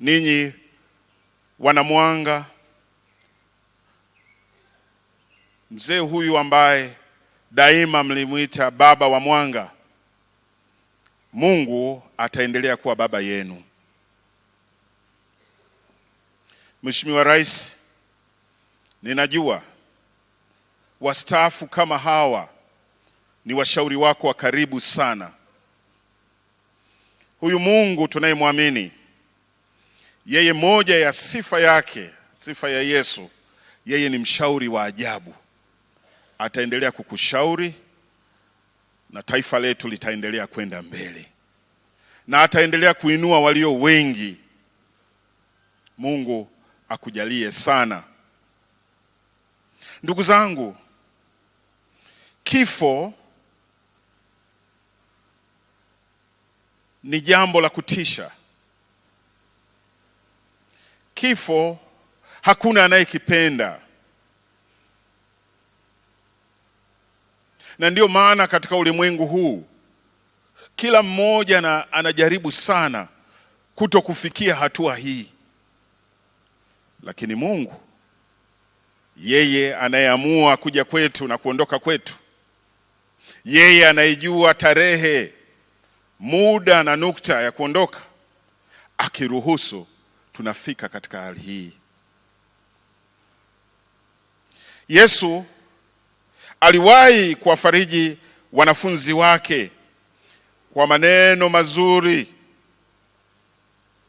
ninyi wanamwanga, mzee huyu ambaye daima mlimwita baba wa mwanga, Mungu ataendelea kuwa baba yenu. Mheshimiwa Rais, ninajua wastaafu kama hawa ni washauri wako wa karibu sana. Huyu Mungu tunayemwamini yeye moja ya sifa yake, sifa ya Yesu, yeye ni mshauri wa ajabu. Ataendelea kukushauri na taifa letu litaendelea kwenda mbele, na ataendelea kuinua walio wengi. Mungu akujalie sana, ndugu zangu. Kifo ni jambo la kutisha. Kifo hakuna anayekipenda, na ndiyo maana katika ulimwengu huu kila mmoja na anajaribu sana kuto kufikia hatua hii, lakini Mungu yeye anayeamua kuja kwetu na kuondoka kwetu, yeye anayejua tarehe, muda na nukta ya kuondoka, akiruhusu tunafika katika hali hii. Yesu aliwahi kuwafariji wanafunzi wake kwa maneno mazuri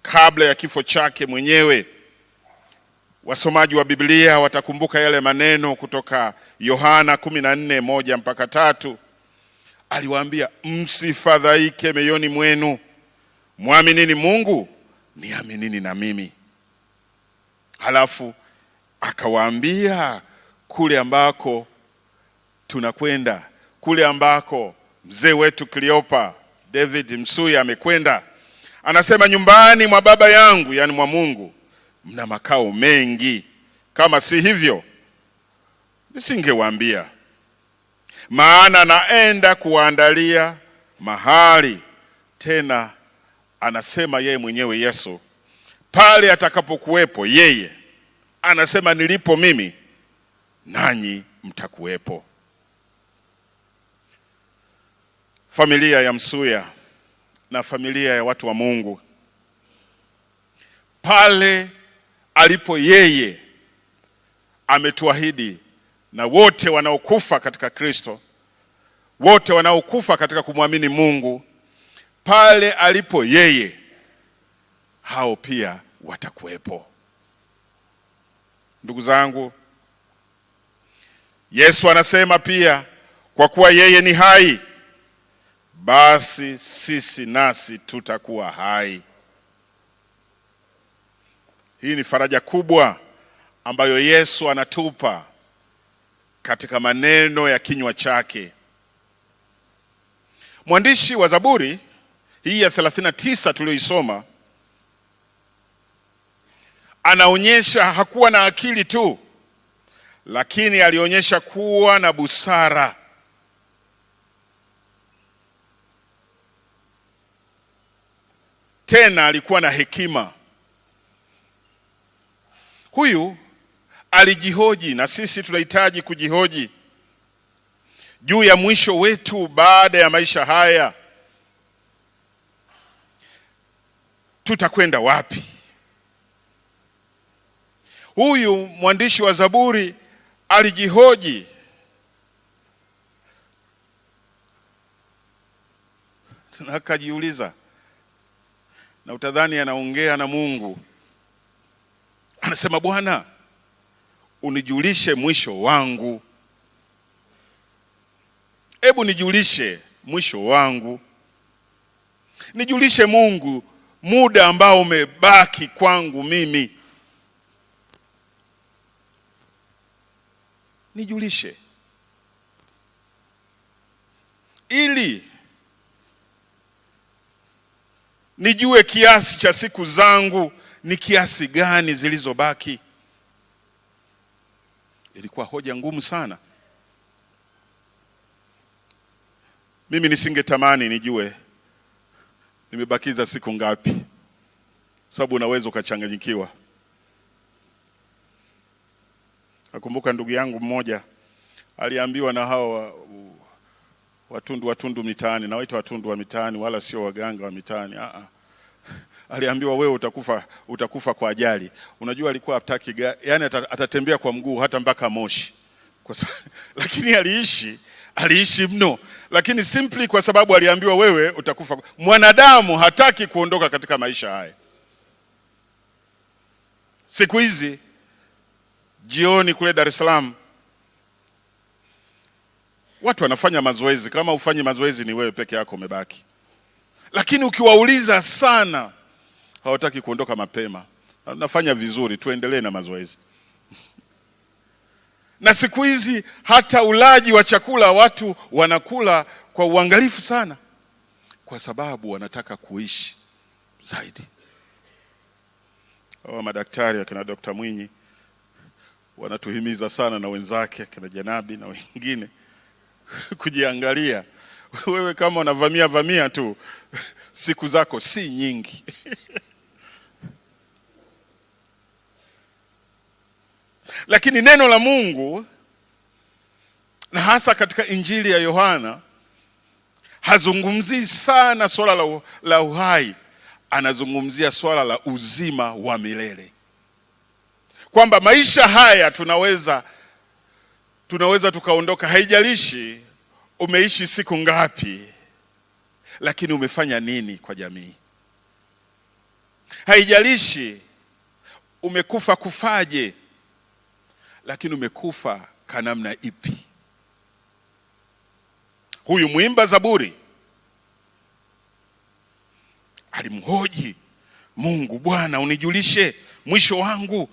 kabla ya kifo chake mwenyewe. Wasomaji wa Biblia watakumbuka yale maneno kutoka Yohana 141 moja mpaka tatu. Aliwaambia, msifadhaike mioyoni mwenu, mwaminini Mungu niaminini na mimi. Halafu akawaambia kule ambako tunakwenda, kule ambako mzee wetu kleopa David Msuya amekwenda, anasema nyumbani mwa baba yangu, yani mwa Mungu, mna makao mengi, kama si hivyo nisingewaambia. Maana naenda kuwaandalia mahali, tena anasema yeye mwenyewe Yesu pale atakapokuwepo yeye, anasema nilipo mimi nanyi mtakuwepo. Familia ya Msuya na familia ya watu wa Mungu, pale alipo yeye ametuahidi, na wote wanaokufa katika Kristo, wote wanaokufa katika kumwamini Mungu pale alipo yeye, hao pia watakuwepo. Ndugu zangu, Yesu anasema pia, kwa kuwa yeye ni hai, basi sisi nasi tutakuwa hai. Hii ni faraja kubwa ambayo Yesu anatupa katika maneno ya kinywa chake. Mwandishi wa Zaburi hii ya 39 tuliyoisoma, anaonyesha hakuwa na akili tu, lakini alionyesha kuwa na busara. Tena alikuwa na hekima. Huyu alijihoji, na sisi tunahitaji kujihoji juu ya mwisho wetu baada ya maisha haya. tutakwenda wapi? Huyu mwandishi wa Zaburi alijihoji akajiuliza, na utadhani anaongea na Mungu. Anasema, Bwana unijulishe mwisho wangu, hebu nijulishe mwisho wangu, nijulishe Mungu muda ambao umebaki kwangu mimi, nijulishe ili nijue kiasi cha siku zangu ni kiasi gani zilizobaki. Ilikuwa hoja ngumu sana. Mimi nisingetamani nijue nimebakiza siku ngapi? Sababu unaweza ukachanganyikiwa. Nakumbuka ndugu yangu mmoja aliambiwa na hawa watundu watundu mitaani, nawaita watundu wa mitaani, wala sio waganga wa mitaani. Aa, aliambiwa wewe utakufa, utakufa kwa ajali. Unajua alikuwa hataki, yani atatembea kwa mguu hata mpaka Moshi kwa, lakini aliishi aliishi mno, lakini simply kwa sababu aliambiwa wewe utakufa. Mwanadamu hataki kuondoka katika maisha haya. Siku hizi jioni kule Dar es Salaam watu wanafanya mazoezi. Kama ufanye mazoezi, ni wewe peke yako umebaki, lakini ukiwauliza sana hawataki kuondoka mapema. Nafanya vizuri, tuendelee na mazoezi na siku hizi hata ulaji wa chakula watu wanakula kwa uangalifu sana, kwa sababu wanataka kuishi zaidi. Hawa madaktari akina Dr. Mwinyi wanatuhimiza sana na wenzake akina Janabi na wengine kujiangalia. Wewe kama unavamia vamia tu, siku zako si nyingi. Lakini neno la Mungu na hasa katika Injili ya Yohana hazungumzii sana swala la, la uhai, anazungumzia swala la uzima wa milele, kwamba maisha haya tunaweza tunaweza tukaondoka, haijalishi umeishi siku ngapi, lakini umefanya nini kwa jamii. Haijalishi umekufa kufaje lakini umekufa kwa namna ipi? Huyu mwimba Zaburi alimhoji Mungu, Bwana unijulishe mwisho wangu,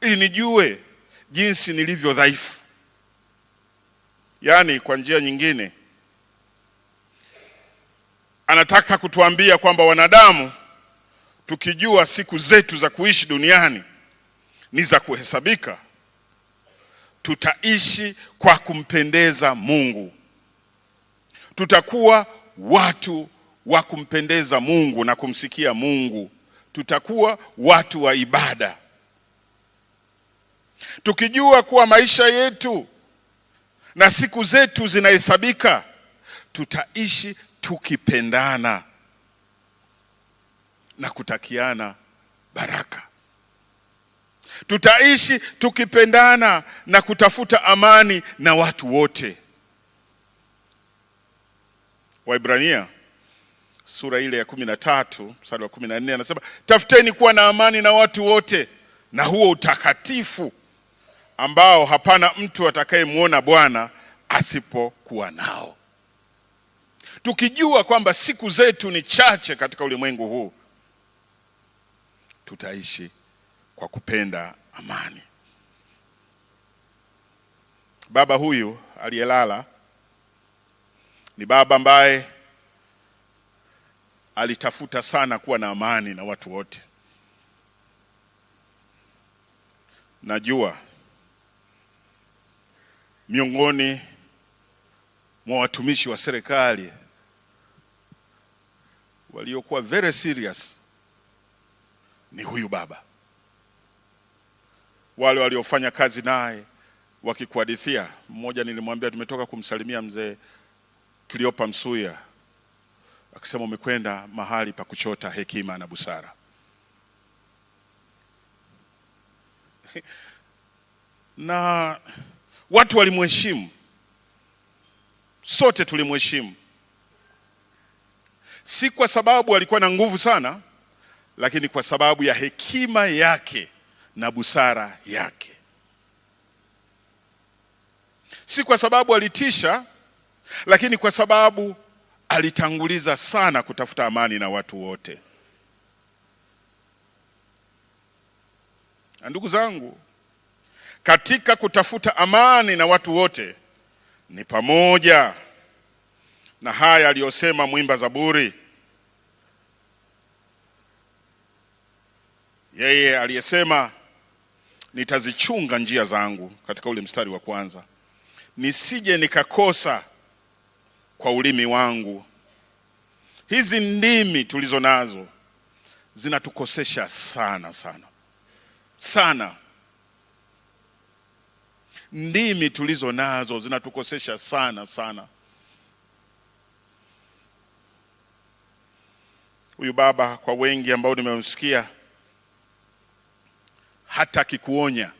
ili nijue jinsi nilivyo dhaifu. Yaani, kwa njia nyingine anataka kutuambia kwamba wanadamu tukijua siku zetu za kuishi duniani ni za kuhesabika tutaishi kwa kumpendeza Mungu, tutakuwa watu wa kumpendeza Mungu na kumsikia Mungu, tutakuwa watu wa ibada, tukijua kuwa maisha yetu na siku zetu zinahesabika. Tutaishi tukipendana na kutakiana baraka tutaishi tukipendana na kutafuta amani na watu wote. Waibrania sura ile ya kumi na tatu mstari wa kumi na nne anasema tafuteni kuwa na amani na watu wote na huo utakatifu ambao hapana mtu atakayemwona Bwana asipokuwa nao. Tukijua kwamba siku zetu ni chache katika ulimwengu huu tutaishi kwa kupenda amani. Baba huyu aliyelala ni baba ambaye alitafuta sana kuwa na amani na watu wote. Najua miongoni mwa watumishi wa serikali waliokuwa very serious ni huyu baba wale waliofanya kazi naye wakikuhadithia. Mmoja nilimwambia tumetoka kumsalimia mzee Kliopa Msuya, akisema umekwenda mahali pa kuchota hekima na busara. na watu walimheshimu, sote tulimheshimu, si kwa sababu alikuwa na nguvu sana, lakini kwa sababu ya hekima yake na busara yake, si kwa sababu alitisha, lakini kwa sababu alitanguliza sana kutafuta amani na watu wote. Na ndugu zangu, katika kutafuta amani na watu wote ni pamoja na haya aliyosema mwimba Zaburi, yeye aliyesema nitazichunga njia zangu, katika ule mstari wa kwanza, nisije nikakosa kwa ulimi wangu. Hizi ndimi tulizo nazo zinatukosesha sana sana sana. Ndimi tulizo nazo zinatukosesha sana sana. Huyu baba kwa wengi ambao nimemsikia hata akikuonya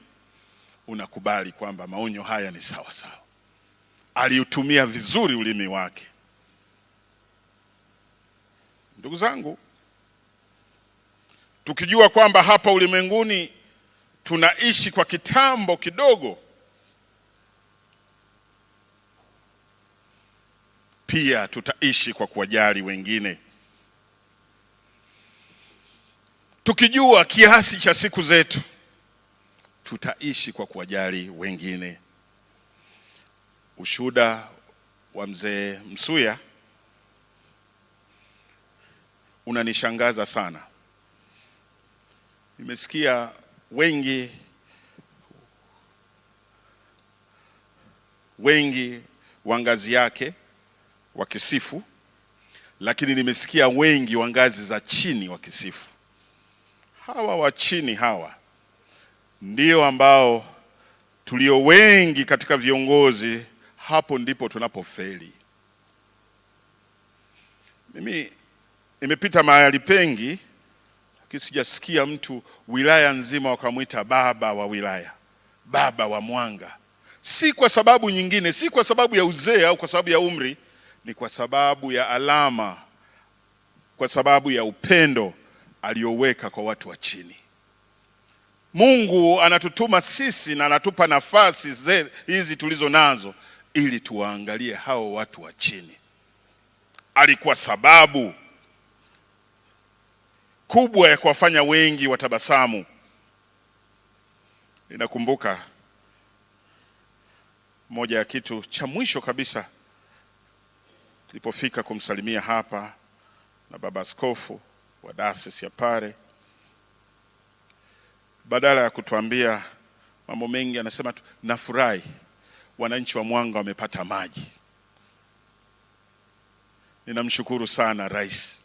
unakubali kwamba maonyo haya ni sawa sawa. Aliutumia vizuri ulimi wake. Ndugu zangu, tukijua kwamba hapa ulimwenguni tunaishi kwa kitambo kidogo, pia tutaishi kwa kuwajali wengine, tukijua kiasi cha siku zetu tutaishi kwa kuwajali wengine. Ushuhuda wa mzee Msuya unanishangaza sana. Nimesikia wengi wengi wa ngazi yake wakisifu, lakini nimesikia wengi wa ngazi za chini wakisifu. Hawa wa chini hawa ndio ambao tulio wengi katika viongozi, hapo ndipo tunapofeli. Mimi nimepita mahali pengi, lakini sijasikia mtu wilaya nzima wakamwita baba wa wilaya, baba wa Mwanga, si kwa sababu nyingine, si kwa sababu ya uzee au kwa sababu ya umri, ni kwa sababu ya alama, kwa sababu ya upendo aliyoweka kwa watu wa chini. Mungu anatutuma sisi na anatupa nafasi hizi tulizo nazo ili tuwaangalie hao watu wa chini. Alikuwa sababu kubwa ya kuwafanya wengi watabasamu. Ninakumbuka moja ya kitu cha mwisho kabisa tulipofika kumsalimia hapa na baba askofu wa dayosisi ya Pare badala ya kutuambia mambo mengi, anasema tu nafurahi wananchi wa Mwanga wamepata maji. Ninamshukuru sana rais,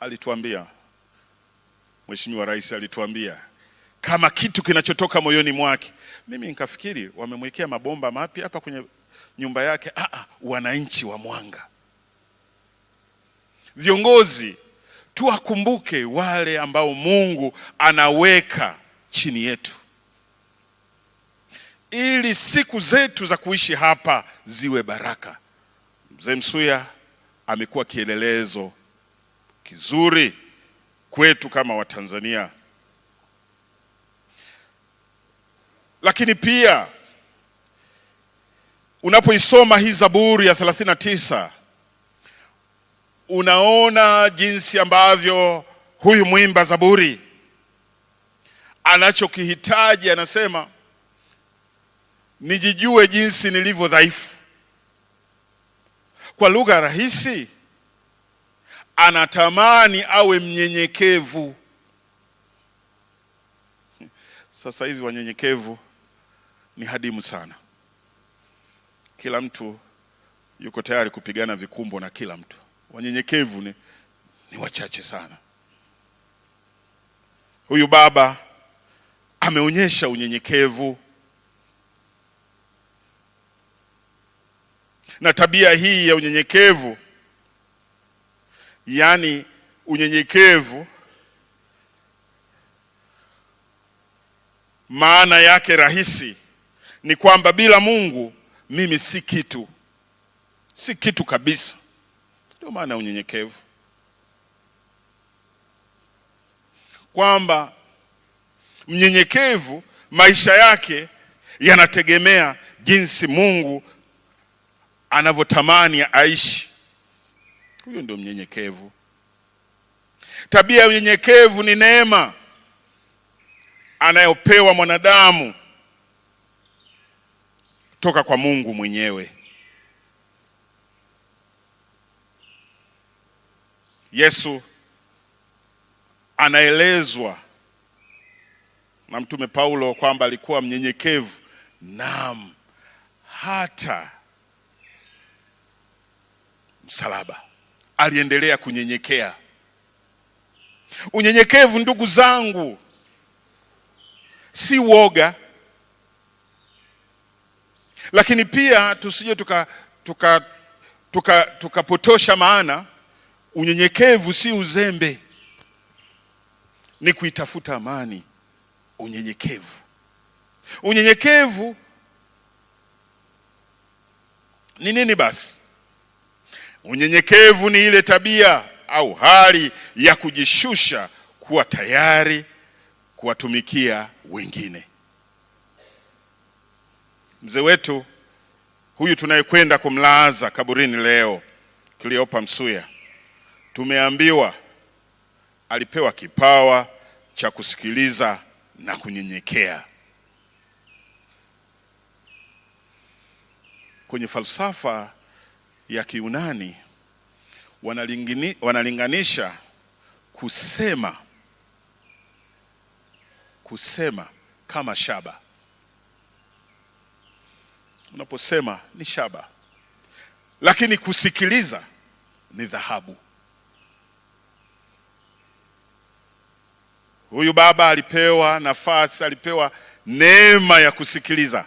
alituambia Mheshimiwa Rais alituambia kama kitu kinachotoka moyoni mwake. Mimi nikafikiri wamemwekea mabomba mapya hapa kwenye nyumba yake. Ah, ah wananchi wa Mwanga, viongozi tuwakumbuke wale ambao Mungu anaweka chini yetu ili siku zetu za kuishi hapa ziwe baraka. Mzee Msuya amekuwa kielelezo kizuri kwetu kama Watanzania, lakini pia unapoisoma hii Zaburi ya 39 unaona jinsi ambavyo huyu mwimba zaburi anachokihitaji, anasema nijijue jinsi nilivyo dhaifu. Kwa lugha rahisi, anatamani awe mnyenyekevu. Sasa hivi wanyenyekevu ni hadimu sana, kila mtu yuko tayari kupigana vikumbo na kila mtu wanyenyekevu ni, ni wachache sana. Huyu baba ameonyesha unyenyekevu, na tabia hii ya unyenyekevu, yaani unyenyekevu maana yake rahisi ni kwamba bila Mungu mimi si kitu, si kitu kabisa. Ndio maana unyenyekevu, kwamba mnyenyekevu maisha yake yanategemea jinsi Mungu anavyotamani aishi. Huyo ndio mnyenyekevu. Tabia ya unyenyekevu ni neema anayopewa mwanadamu toka kwa Mungu mwenyewe. Yesu anaelezwa na Mtume Paulo kwamba alikuwa mnyenyekevu, naam, hata msalaba aliendelea kunyenyekea. Unyenyekevu, ndugu zangu, si woga, lakini pia tusije tukapotosha tuka, tuka, tuka maana Unyenyekevu si uzembe, ni kuitafuta amani. Unyenyekevu, unyenyekevu ni nini basi? Unyenyekevu ni ile tabia au hali ya kujishusha, kuwa tayari kuwatumikia wengine. Mzee wetu huyu tunayekwenda kumlaaza kaburini leo, Cleopa Msuya tumeambiwa alipewa kipawa cha kusikiliza na kunyenyekea. Kwenye falsafa ya Kiunani wanalinganisha kusema kusema kama shaba. Unaposema ni shaba, lakini kusikiliza ni dhahabu. Huyu baba alipewa nafasi, alipewa neema ya kusikiliza,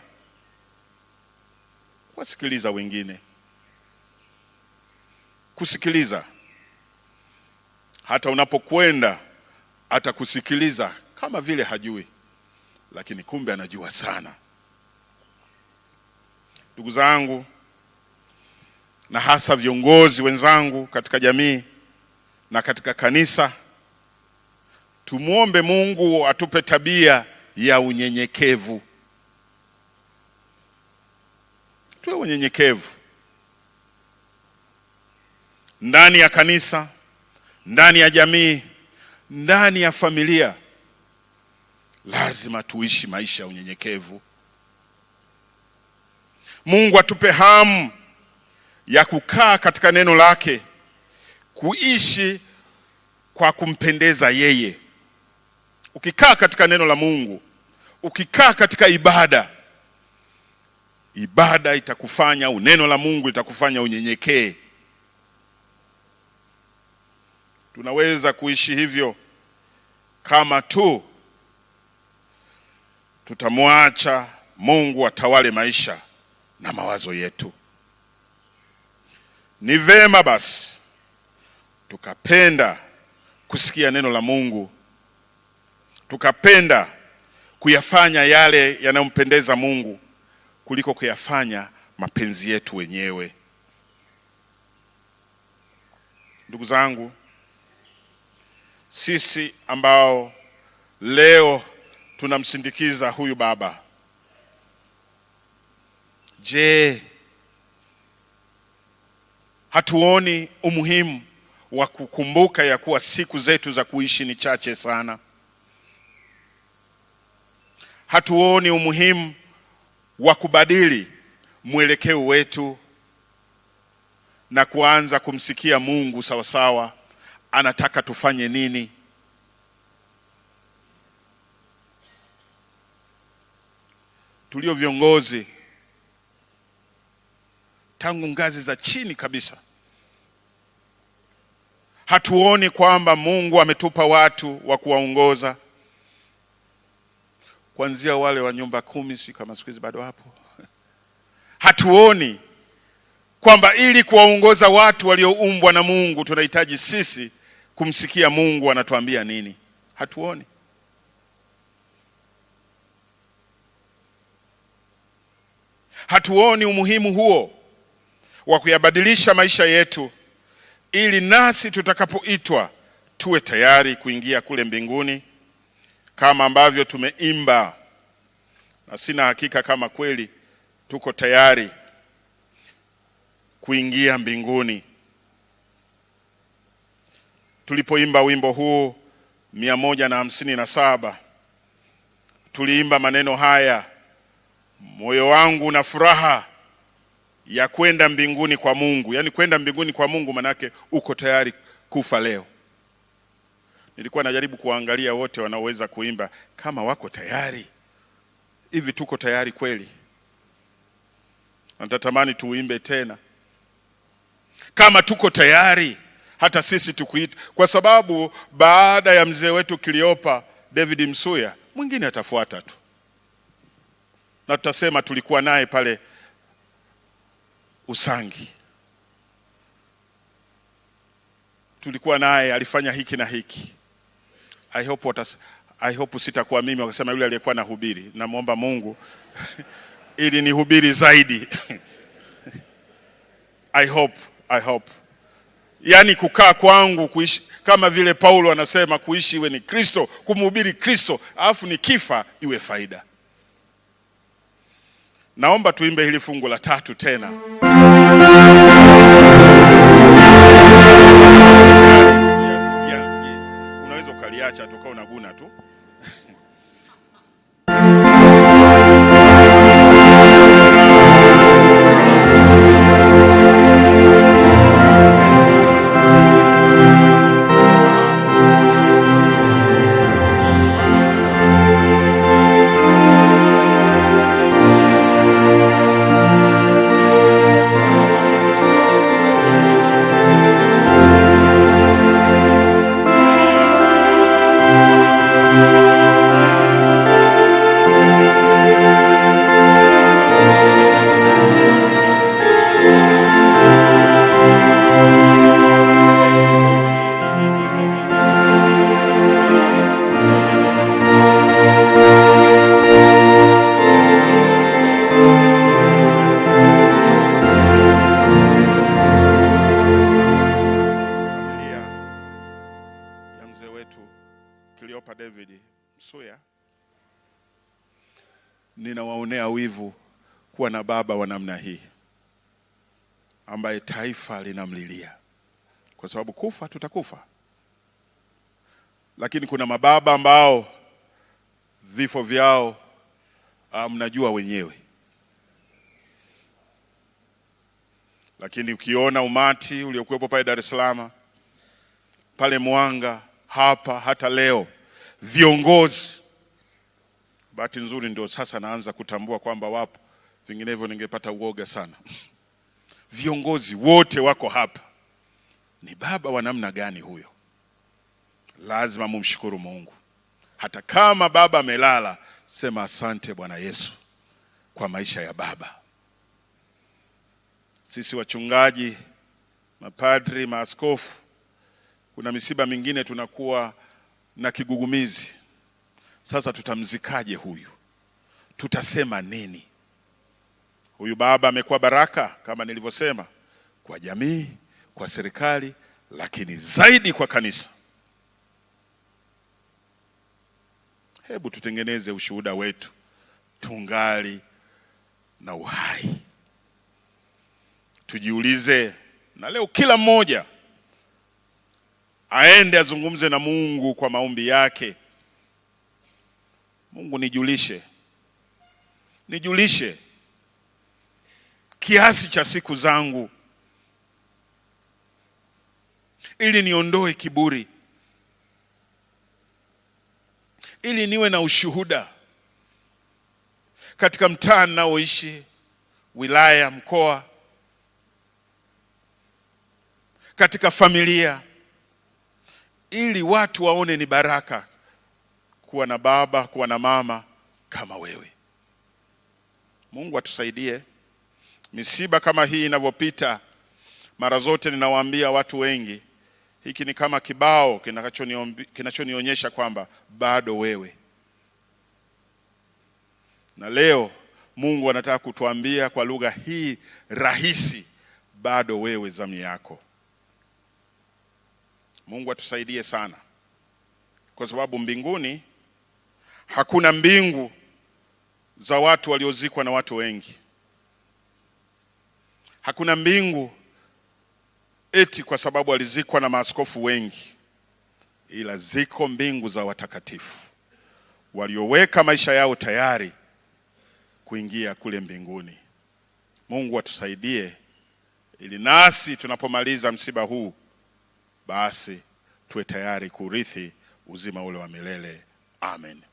kuwasikiliza wengine, kusikiliza. Hata unapokwenda atakusikiliza kama vile hajui, lakini kumbe anajua sana. Ndugu zangu, na hasa viongozi wenzangu katika jamii na katika kanisa Tumwombe Mungu atupe tabia ya unyenyekevu, tuwe unyenyekevu ndani ya kanisa, ndani ya jamii, ndani ya familia. Lazima tuishi maisha ya unyenyekevu. Mungu atupe hamu ya kukaa katika neno lake, kuishi kwa kumpendeza yeye. Ukikaa katika neno la Mungu, ukikaa katika ibada, ibada itakufanya uneno la Mungu litakufanya unyenyekee. Tunaweza kuishi hivyo kama tu tutamwacha Mungu atawale maisha na mawazo yetu. Ni vema basi tukapenda kusikia neno la Mungu tukapenda kuyafanya yale yanayompendeza Mungu kuliko kuyafanya mapenzi yetu wenyewe. Ndugu zangu, sisi ambao leo tunamsindikiza huyu baba, je, hatuoni umuhimu wa kukumbuka ya kuwa siku zetu za kuishi ni chache sana? hatuoni umuhimu wa kubadili mwelekeo wetu na kuanza kumsikia Mungu sawasawa anataka tufanye nini. Tulio viongozi tangu ngazi za chini kabisa, hatuoni kwamba Mungu ametupa watu wa kuwaongoza kuanzia wale wa nyumba kumi, si kama siku hizi bado hapo. Hatuoni kwamba ili kuwaongoza watu walioumbwa na Mungu tunahitaji sisi kumsikia Mungu anatuambia nini? Hatuoni. Hatuoni umuhimu huo wa kuyabadilisha maisha yetu ili nasi tutakapoitwa tuwe tayari kuingia kule mbinguni kama ambavyo tumeimba, na sina hakika kama kweli tuko tayari kuingia mbinguni. Tulipoimba wimbo huu mia moja na hamsini na saba tuliimba maneno haya, moyo wangu na furaha ya kwenda mbinguni kwa Mungu. Yaani kwenda mbinguni kwa Mungu, manake uko tayari kufa leo nilikuwa najaribu kuwaangalia wote wanaoweza kuimba kama wako tayari. Hivi tuko tayari kweli? Natatamani tuimbe tena kama tuko tayari hata sisi tukuita, kwa sababu baada ya mzee wetu Kiliopa David Msuya mwingine atafuata tu, na tutasema tulikuwa naye pale Usangi, tulikuwa naye alifanya hiki na hiki. I hope watas, I hope sitakuwa mimi wakasema yule aliyekuwa na hubiri Namwomba Mungu ili ni hubiri zaidi I hope, I hope. Yaani kukaa kwangu kuishi kama vile Paulo anasema kuishi iwe ni Kristo, kumhubiri Kristo, alafu ni kifa iwe faida. Naomba tuimbe hili fungu la tatu tena. unaliacha tukao naguna unaguna tu. mzee wetu Kiliopa David Msuya, ninawaonea wivu kuwa na baba wa namna hii ambaye taifa linamlilia, kwa sababu kufa tutakufa, lakini kuna mababa ambao vifo vyao ah, mnajua wenyewe. Lakini ukiona umati uliokuwepo pale Dar es Salaam, pale Mwanga hapa hata leo viongozi. Bahati nzuri ndio sasa naanza kutambua kwamba wapo, vinginevyo ningepata uoga sana. Viongozi wote wako hapa, ni baba wa namna gani huyo? Lazima mumshukuru Mungu. Hata kama baba amelala, sema asante Bwana Yesu kwa maisha ya baba. Sisi wachungaji, mapadri, maaskofu kuna misiba mingine tunakuwa na kigugumizi, sasa tutamzikaje huyu? Tutasema nini? Huyu baba amekuwa baraka kama nilivyosema, kwa jamii, kwa serikali, lakini zaidi kwa kanisa. Hebu tutengeneze ushuhuda wetu tungali na uhai, tujiulize. Na leo kila mmoja aende azungumze na Mungu kwa maombi yake. Mungu, nijulishe, nijulishe kiasi cha siku zangu, ili niondoe kiburi, ili niwe na ushuhuda katika mtaa ninaoishi, wilaya, mkoa, katika familia ili watu waone ni baraka kuwa na baba, kuwa na mama kama wewe. Mungu atusaidie. Misiba kama hii inavyopita, mara zote ninawaambia watu wengi, hiki ni kama kibao kinachonionyesha kwamba bado wewe. Na leo Mungu anataka kutuambia kwa lugha hii rahisi, bado wewe zamu yako. Mungu atusaidie sana, kwa sababu mbinguni hakuna mbingu za watu waliozikwa na watu wengi. Hakuna mbingu eti kwa sababu alizikwa na maaskofu wengi, ila ziko mbingu za watakatifu walioweka maisha yao tayari kuingia kule mbinguni. Mungu atusaidie ili nasi tunapomaliza msiba huu basi tuwe tayari kurithi uzima ule wa milele. Amen.